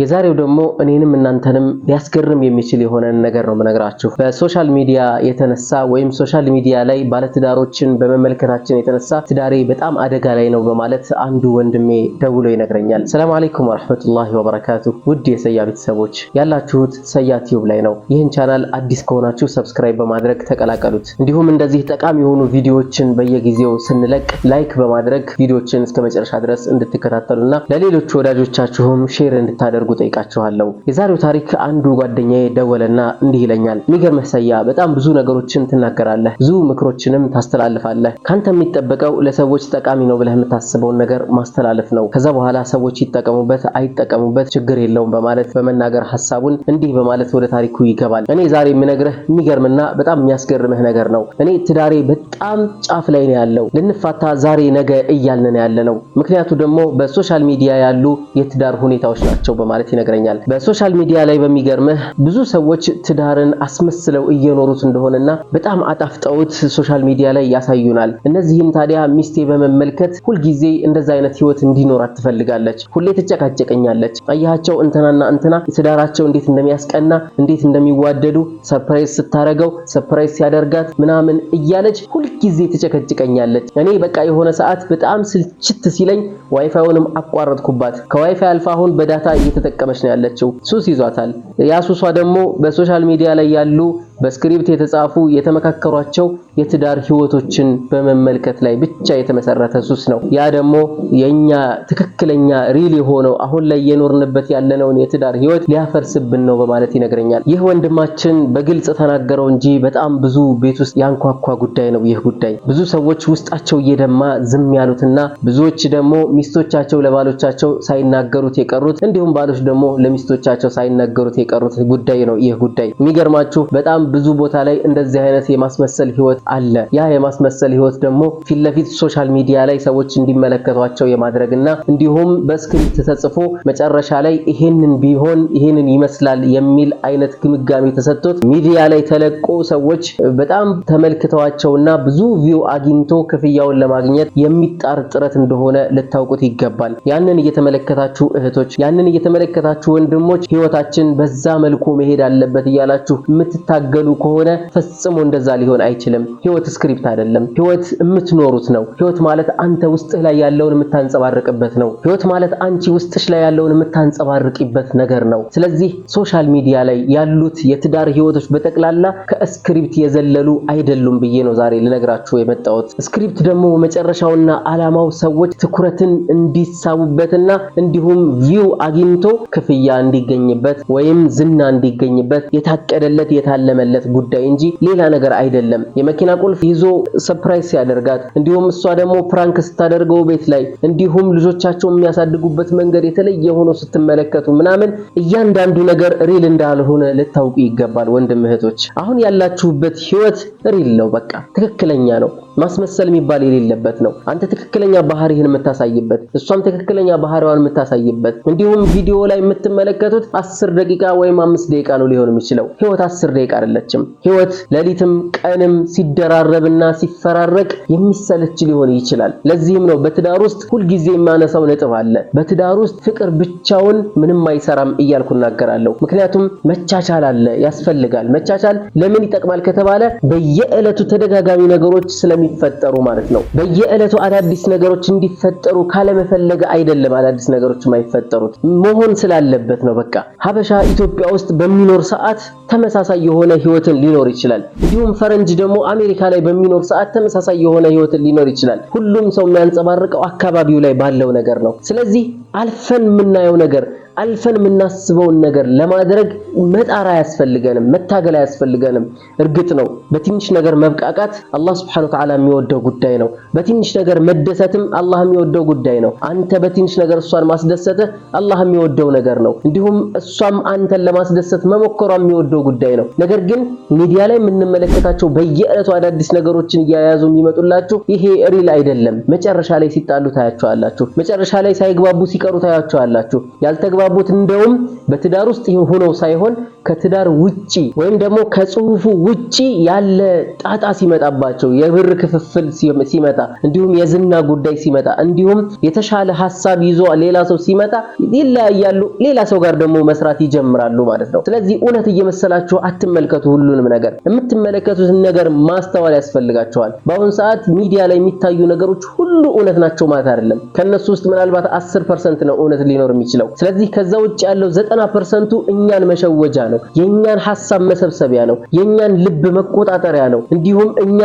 የዛሬው ደግሞ እኔንም እናንተንም ሊያስገርም የሚችል የሆነ ነገር ነው የምነግራችሁ። በሶሻል ሚዲያ የተነሳ ወይም ሶሻል ሚዲያ ላይ ባለትዳሮችን በመመልከታችን የተነሳ ትዳሬ በጣም አደጋ ላይ ነው በማለት አንዱ ወንድሜ ደውሎ ይነግረኛል። ሰላም አለይኩም ወራህመቱላሂ ወበረካቱ። ውድ የሰያ ቤተሰቦች ያላችሁት ሰያ ቲዩብ ላይ ነው። ይህን ቻናል አዲስ ከሆናችሁ ሰብስክራይብ በማድረግ ተቀላቀሉት። እንዲሁም እንደዚህ ጠቃሚ የሆኑ ቪዲዮዎችን በየጊዜው ስንለቅ ላይክ በማድረግ ቪዲዮዎችን እስከ መጨረሻ ድረስ እንድትከታተሉና ለሌሎች ወዳጆቻችሁም ሼር እንድታደርጉ እንድታደርጉ ጠይቃችኋለሁ። የዛሬው ታሪክ አንዱ ጓደኛዬ ደወለና እንዲህ ይለኛል፣ ሚገርምህ ሰያ በጣም ብዙ ነገሮችን ትናገራለህ፣ ብዙ ምክሮችንም ታስተላልፋለህ። ካንተ የሚጠበቀው ለሰዎች ጠቃሚ ነው ብለህ የምታስበውን ነገር ማስተላለፍ ነው። ከዛ በኋላ ሰዎች ይጠቀሙበት አይጠቀሙበት ችግር የለውም በማለት በመናገር ሀሳቡን እንዲህ በማለት ወደ ታሪኩ ይገባል። እኔ ዛሬ የምነግርህ የሚገርምና በጣም የሚያስገርምህ ነገር ነው። እኔ ትዳሬ በጣም ጫፍ ላይ ነው ያለው። ልንፋታ ዛሬ ነገ እያልን ያለ ነው። ምክንያቱ ደግሞ በሶሻል ሚዲያ ያሉ የትዳር ሁኔታዎች ናቸው በማለት በማለት ይነግረኛል። በሶሻል ሚዲያ ላይ በሚገርምህ ብዙ ሰዎች ትዳርን አስመስለው እየኖሩት እንደሆነና በጣም አጣፍጠውት ሶሻል ሚዲያ ላይ ያሳዩናል። እነዚህም ታዲያ ሚስቴ በመመልከት ሁልጊዜ እንደዛ አይነት ህይወት እንዲኖራት ትፈልጋለች። ሁሌ ትጨቃጨቀኛለች። አያቸው እንትናና እንትና ትዳራቸው እንዴት እንደሚያስቀና እንዴት እንደሚዋደዱ ሰርፕራይዝ ስታረገው ሰርፕራይዝ ሲያደርጋት ምናምን እያለች ሁልጊዜ ትጨቀጭቀኛለች። እኔ በቃ የሆነ ሰዓት በጣም ስልችት ሲለኝ ዋይፋዩንም አቋረጥኩባት። ከዋይፋይ አልፋ አሁን በዳታ እየተጠቀመች ነው ያለችው። ሱስ ይዟታል። ያ ሱሷ ደግሞ በሶሻል ሚዲያ ላይ ያሉ በስክሪፕት የተጻፉ የተመካከሯቸው የትዳር ህይወቶችን በመመልከት ላይ ብቻ የተመሰረተ ሱስ ነው። ያ ደግሞ የኛ ትክክለኛ ሪል የሆነው አሁን ላይ የኖርንበት ያለነውን የትዳር ህይወት ሊያፈርስብን ነው በማለት ይነግረኛል። ይህ ወንድማችን በግልጽ ተናገረው እንጂ በጣም ብዙ ቤት ውስጥ ያንኳኳ ጉዳይ ነው። ይህ ጉዳይ ብዙ ሰዎች ውስጣቸው እየደማ ዝም ያሉትና ብዙዎች ደግሞ ሚስቶቻቸው ለባሎቻቸው ሳይናገሩት የቀሩት እንዲሁም ባሎች ደግሞ ለሚስቶቻቸው ሳይናገሩት የቀሩት ጉዳይ ነው። ይህ ጉዳይ የሚገርማችሁ በጣም ብዙ ቦታ ላይ እንደዚህ አይነት የማስመሰል ህይወት አለ። ያ የማስመሰል ህይወት ደግሞ ፊት ለፊት ሶሻል ሚዲያ ላይ ሰዎች እንዲመለከቷቸው የማድረግ እንዲሁም በስክሪፕት ተጽፎ መጨረሻ ላይ ይሄንን ቢሆን ይሄንን ይመስላል የሚል አይነት ግምጋሜ ተሰጥቶት ሚዲያ ላይ ተለቆ ሰዎች በጣም ተመልክተዋቸውና ብዙ ቪው አግኝቶ ክፍያውን ለማግኘት የሚጣር ጥረት እንደሆነ ልታውቁት ይገባል። ያንን እየተመለከታችሁ እህቶች፣ ያንን እየተመለከታችሁ ወንድሞች ህይወታችን በዛ መልኩ መሄድ አለበት እያላችሁ የምትታገ የምትታገሉ ከሆነ ፈጽሞ እንደዛ ሊሆን አይችልም። ህይወት ስክሪፕት አይደለም። ህይወት የምትኖሩት ነው። ህይወት ማለት አንተ ውስጥህ ላይ ያለውን የምታንጸባርቅበት ነው። ህይወት ማለት አንቺ ውስጥሽ ላይ ያለውን የምታንጸባርቂበት ነገር ነው። ስለዚህ ሶሻል ሚዲያ ላይ ያሉት የትዳር ህይወቶች በጠቅላላ ከስክሪፕት የዘለሉ አይደሉም ብዬ ነው ዛሬ ልነግራችሁ የመጣሁት። ስክሪፕት ደግሞ መጨረሻውና አላማው ሰዎች ትኩረትን እንዲሳቡበትና እንዲሁም ቪው አግኝቶ ክፍያ እንዲገኝበት ወይም ዝና እንዲገኝበት የታቀደለት የታለመለት የተደረገለት ጉዳይ እንጂ ሌላ ነገር አይደለም። የመኪና ቁልፍ ይዞ ሰፕራይዝ ሲያደርጋት፣ እንዲሁም እሷ ደግሞ ፕራንክ ስታደርገው ቤት ላይ እንዲሁም ልጆቻቸው የሚያሳድጉበት መንገድ የተለየ ሆኖ ስትመለከቱ ምናምን እያንዳንዱ ነገር ሪል እንዳልሆነ ልታውቁ ይገባል። ወንድም እህቶች፣ አሁን ያላችሁበት ህይወት ሪል ነው። በቃ ትክክለኛ ነው። ማስመሰል የሚባል የሌለበት ነው። አንተ ትክክለኛ ባህሪህን የምታሳይበት፣ እሷም ትክክለኛ ባህሪዋን የምታሳይበት። እንዲሁም ቪዲዮ ላይ የምትመለከቱት አስር ደቂቃ ወይም አምስት ደቂቃ ነው ሊሆን የሚችለው ህይወት አስር ደቂቃ አይደለችም። ህይወት ሌሊትም ቀንም ሲደራረብና ሲፈራረቅ የሚሰለች ሊሆን ይችላል። ለዚህም ነው በትዳር ውስጥ ሁልጊዜ የማነሳው ነጥብ አለ። በትዳር ውስጥ ፍቅር ብቻውን ምንም አይሰራም እያልኩ እናገራለሁ። ምክንያቱም መቻቻል አለ ያስፈልጋል። መቻቻል ለምን ይጠቅማል ከተባለ በየዕለቱ ተደጋጋሚ ነገሮች ስለሚፈጠሩ ማለት ነው። በየዕለቱ አዳዲስ ነገሮች እንዲፈጠሩ ካለመፈለገ አይደለም አዳዲስ ነገሮች የማይፈጠሩት መሆን ስላለበት ነው። በቃ ሀበሻ ኢትዮጵያ ውስጥ በሚኖር ሰዓት ተመሳሳይ የሆነ ህይወትን ሊኖር ይችላል። እንዲሁም ፈረንጅ ደግሞ አሜሪካ ላይ በሚኖር ሰዓት ተመሳሳይ የሆነ ህይወትን ሊኖር ይችላል። ሁሉም ሰው የሚያንጸባርቀው አካባቢው ላይ ባለው ነገር ነው። ስለዚህ አልፈን የምናየው ነገር አልፈን የምናስበውን ነገር ለማድረግ መጣር አያስፈልገንም፣ መታገል አያስፈልገንም። እርግጥ ነው በትንሽ ነገር መብቃቃት አላህ ስብሐነሁ ወተዓላ የሚወደው ጉዳይ ነው። በትንሽ ነገር መደሰትም አላህ የሚወደው ጉዳይ ነው። አንተ በትንሽ ነገር እሷን ማስደሰትህ አላህ የሚወደው ነገር ነው። እንዲሁም እሷም አንተን ለማስደሰት መሞከሯ የሚወደው ጉዳይ ነው። ነገር ግን ሚዲያ ላይ የምንመለከታቸው በየዕለቱ አዳዲስ ነገሮችን እያያዙ የሚመጡላችሁ ይሄ ሪል አይደለም። መጨረሻ ላይ ሲጣሉ ታያቸዋላችሁ። መጨረሻ ላይ ሳይግባቡ ሲቀሩ ታያቸዋላችሁ። ያልተግባቡት እንደውም በትዳር ውስጥ ሆነው ሳይሆን ከትዳር ውጪ ወይም ደግሞ ከጽሁፉ ውጪ ያለ ጣጣ ሲመጣባቸው፣ የብር ክፍፍል ሲመጣ፣ እንዲሁም የዝና ጉዳይ ሲመጣ፣ እንዲሁም የተሻለ ሀሳብ ይዞ ሌላ ሰው ሲመጣ ይለያያሉ። ሌላ ሰው ጋር ደግሞ መስራት ይጀምራሉ ማለት ነው። ስለዚህ እውነት እየመሰላችሁ አትመልከቱ። ተመልከቱ ሁሉንም ነገር። የምትመለከቱትን ነገር ማስተዋል ያስፈልጋቸዋል። በአሁን ሰዓት ሚዲያ ላይ የሚታዩ ነገሮች ሁሉ እውነት ናቸው ማለት አይደለም። ከነሱ ውስጥ ምናልባት 10% ነው እውነት ሊኖር የሚችለው። ስለዚህ ከዛ ውጭ ያለው ፐርሰንቱ እኛን መሸወጃ ነው፣ የእኛን ሀሳብ መሰብሰቢያ ነው፣ የኛን ልብ መቆጣጠሪያ ነው። እንዲሁም እኛ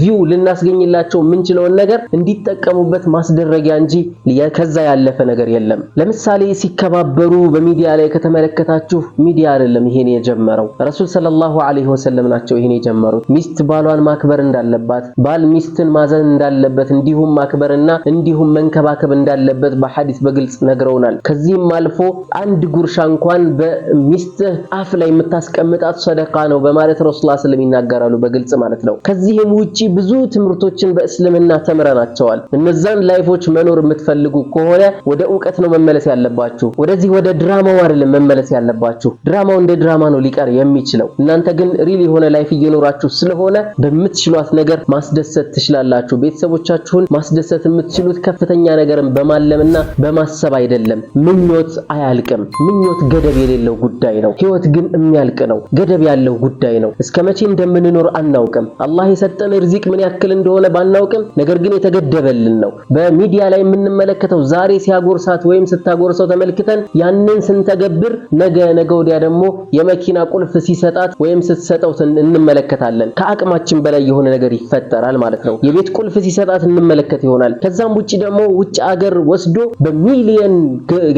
ቪው ልናስገኝላቸው የምንችለውን ነገር እንዲጠቀሙበት ማስደረጊያ እንጂ ከዛ ያለፈ ነገር የለም። ለምሳሌ ሲከባበሩ በሚዲያ ላይ ከተመለከታችሁ ሚዲያ አይደለም ይሄን የጀመረው ረሱል ሰለላሁ ዐለይሂ ወሰለም ናቸው ይህን የጀመሩት። ሚስት ባሏን ማክበር እንዳለባት፣ ባል ሚስትን ማዘን እንዳለበት፣ እንዲሁም ማክበርና እንዲሁም መንከባከብ እንዳለበት በሐዲስ በግልጽ ነግረውናል። ከዚህም አልፎ አንድ ጉርሻ እንኳን በሚስትህ አፍ ላይ የምታስቀምጣት ሰደቃ ነው በማለት ረሱል ስለም ይናገራሉ፣ በግልጽ ማለት ነው። ከዚህም ውጪ ብዙ ትምህርቶችን በእስልምና ተምረናቸዋል። እነዛን ላይፎች መኖር የምትፈልጉ ከሆነ ወደ እውቀት ነው መመለስ ያለባችሁ። ወደዚህ ወደ ድራማው አይደለም መመለስ ያለባችሁ። ድራማው እንደ ድራማ ነው ሊቀር የሚችለው እናንተ እናንተ ግን ሪል የሆነ ላይፍ እየኖራችሁ ስለሆነ በምትችሏት ነገር ማስደሰት ትችላላችሁ። ቤተሰቦቻችሁን ማስደሰት የምትችሉት ከፍተኛ ነገርን በማለምና በማሰብ አይደለም። ምኞት አያልቅም። ምኞት ገደብ የሌለው ጉዳይ ነው። ህይወት ግን የሚያልቅ ነው፣ ገደብ ያለው ጉዳይ ነው። እስከ መቼ እንደምንኖር አናውቅም። አላህ የሰጠን ርዚቅ ምን ያክል እንደሆነ ባናውቅም፣ ነገር ግን የተገደበልን ነው። በሚዲያ ላይ የምንመለከተው ዛሬ ሲያጎርሳት ወይም ስታጎርሰው ተመልክተን ያንን ስንተገብር ነገ ነገ ወዲያ ደግሞ የመኪና ቁልፍ ሲሰጣት ወይም ወይም ስትሰጠው እንመለከታለን። ከአቅማችን በላይ የሆነ ነገር ይፈጠራል ማለት ነው። የቤት ቁልፍ ሲሰጣት እንመለከት ይሆናል። ከዛም ውጪ ደግሞ ውጭ አገር ወስዶ በሚሊየን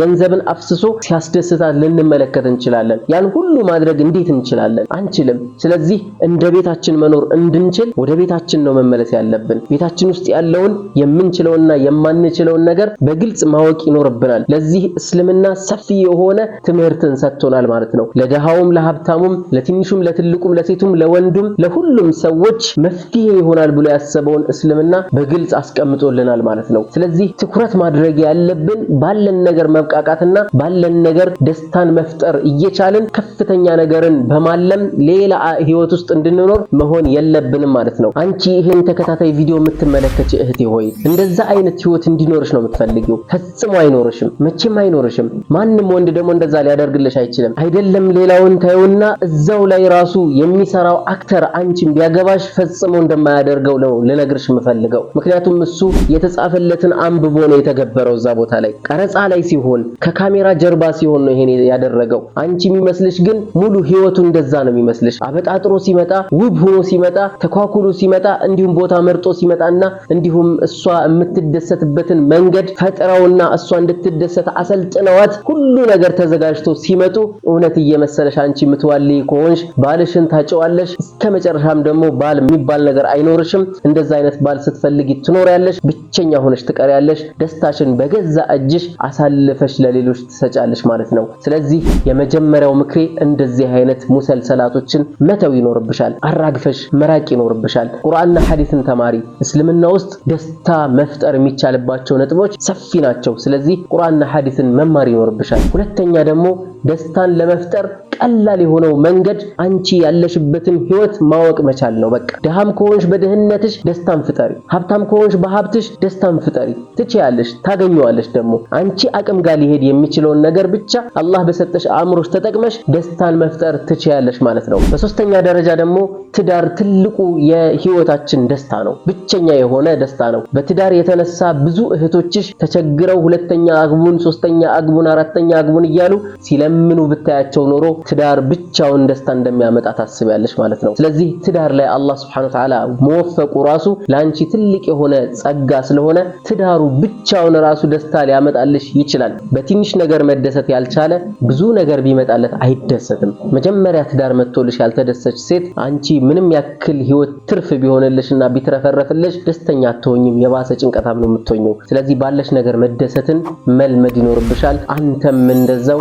ገንዘብን አፍስሶ ሲያስደስታት ልንመለከት እንችላለን። ያን ሁሉ ማድረግ እንዴት እንችላለን? አንችልም። ስለዚህ እንደ ቤታችን መኖር እንድንችል ወደ ቤታችን ነው መመለስ ያለብን። ቤታችን ውስጥ ያለውን የምንችለውና የማንችለውን ነገር በግልጽ ማወቅ ይኖርብናል። ለዚህ እስልምና ሰፊ የሆነ ትምህርትን ሰጥቶናል ማለት ነው። ለድሃውም ለሀብታሙም ለትንሹም ለትልቁም ለሴቱም ለወንዱም ለሁሉም ሰዎች መፍትሄ ይሆናል ብሎ ያሰበውን እስልምና በግልጽ አስቀምጦልናል ማለት ነው። ስለዚህ ትኩረት ማድረግ ያለብን ባለን ነገር መብቃቃትና ባለን ነገር ደስታን መፍጠር እየቻልን ከፍተኛ ነገርን በማለም ሌላ ህይወት ውስጥ እንድንኖር መሆን የለብንም ማለት ነው። አንቺ ይህን ተከታታይ ቪዲዮ የምትመለከች እህቴ ሆይ እንደዛ አይነት ህይወት እንዲኖርሽ ነው የምትፈልጊው። ፈጽሞ አይኖርሽም፣ መቼም አይኖርሽም። ማንም ወንድ ደግሞ እንደዛ ሊያደርግልሽ አይችልም። አይደለም ሌላውን ታየውና እዛው ላይ ራሱ የሚሰራው አክተር አንቺን ቢያገባሽ ፈጽሞ እንደማያደርገው ነው ልነግርሽ የምፈልገው። ምክንያቱም እሱ የተጻፈለትን አንብቦ ነው የተገበረው። እዛ ቦታ ላይ ቀረጻ ላይ ሲሆን ከካሜራ ጀርባ ሲሆን ነው ይሄን ያደረገው። አንቺ የሚመስልሽ ግን ሙሉ ህይወቱ እንደዛ ነው የሚመስልሽ። አበጣጥሮ ሲመጣ፣ ውብ ሆኖ ሲመጣ፣ ተኳኩሎ ሲመጣ፣ እንዲሁም ቦታ መርጦ ሲመጣና እንዲሁም እሷ የምትደሰትበትን መንገድ ፈጥረውና እሷ እንድትደሰት አሰልጥነዋት ሁሉ ነገር ተዘጋጅቶ ሲመጡ እውነት እየመሰለሽ አንቺ የምትዋልይ ከሆንሽ ባልሽን ታጨዋለሽ። እስከ መጨረሻም ደግሞ ባል የሚባል ነገር አይኖርሽም። እንደዛ አይነት ባል ስትፈልጊ ትኖሪያለሽ፣ ብቸኛ ሆነሽ ትቀሪያለሽ። ደስታሽን በገዛ እጅሽ አሳልፈሽ ለሌሎች ትሰጫለሽ ማለት ነው። ስለዚህ የመጀመሪያው ምክሬ እንደዚህ አይነት ሙሰልሰላቶችን መተው ይኖርብሻል፣ አራግፈሽ መራቅ ይኖርብሻል። ቁርአንና ሐዲስን ተማሪ። እስልምና ውስጥ ደስታ መፍጠር የሚቻልባቸው ነጥቦች ሰፊ ናቸው። ስለዚህ ቁርአንና ሐዲስን መማር ይኖርብሻል። ሁለተኛ ደግሞ ደስታን ለመፍጠር ቀላል የሆነው መንገድ አንቺ ያለሽበትን ህይወት ማወቅ መቻል ነው። በቃ ድሃም ከሆንሽ በድህነትሽ ደስታን ፍጠሪ፣ ሀብታም ከሆንሽ በሀብትሽ ደስታን ፍጠሪ። ትችያለሽ፣ ታገኘዋለሽ። ደግሞ አንቺ አቅም ጋር ሊሄድ የሚችለውን ነገር ብቻ አላህ በሰጠሽ አእምሮሽ ተጠቅመሽ ደስታን መፍጠር ትችያለሽ ማለት ነው። በሶስተኛ ደረጃ ደግሞ ትዳር ትልቁ የህይወታችን ደስታ ነው። ብቸኛ የሆነ ደስታ ነው። በትዳር የተነሳ ብዙ እህቶችሽ ተቸግረው ሁለተኛ አግቡን፣ ሶስተኛ አግቡን፣ አራተኛ አግቡን እያሉ ሲለምኑ ብታያቸው ኖሮ ትዳር ብቻውን ደስታ እንደሚያመጣ ታስቢያለሽ ማለት ነው። ስለዚህ ትዳር ላይ አላህ Subhanahu Wa Ta'ala መወፈቁ ራሱ ለአንቺ ትልቅ የሆነ ጸጋ ስለሆነ ትዳሩ ብቻውን ራሱ ደስታ ሊያመጣልሽ ይችላል። በትንሽ ነገር መደሰት ያልቻለ ብዙ ነገር ቢመጣለት አይደሰትም። መጀመሪያ ትዳር መጥቶልሽ ያልተደሰች ሴት አንቺ ምንም ያክል ህይወት ትርፍ ቢሆንልሽና ቢትረፈረፍልሽ ደስተኛ አትሆኝም። የባሰ ጭንቀታም ነው የምትሆኝው። ስለዚህ ባለሽ ነገር መደሰትን መልመድ ይኖርብሻል። አንተም እንደዛው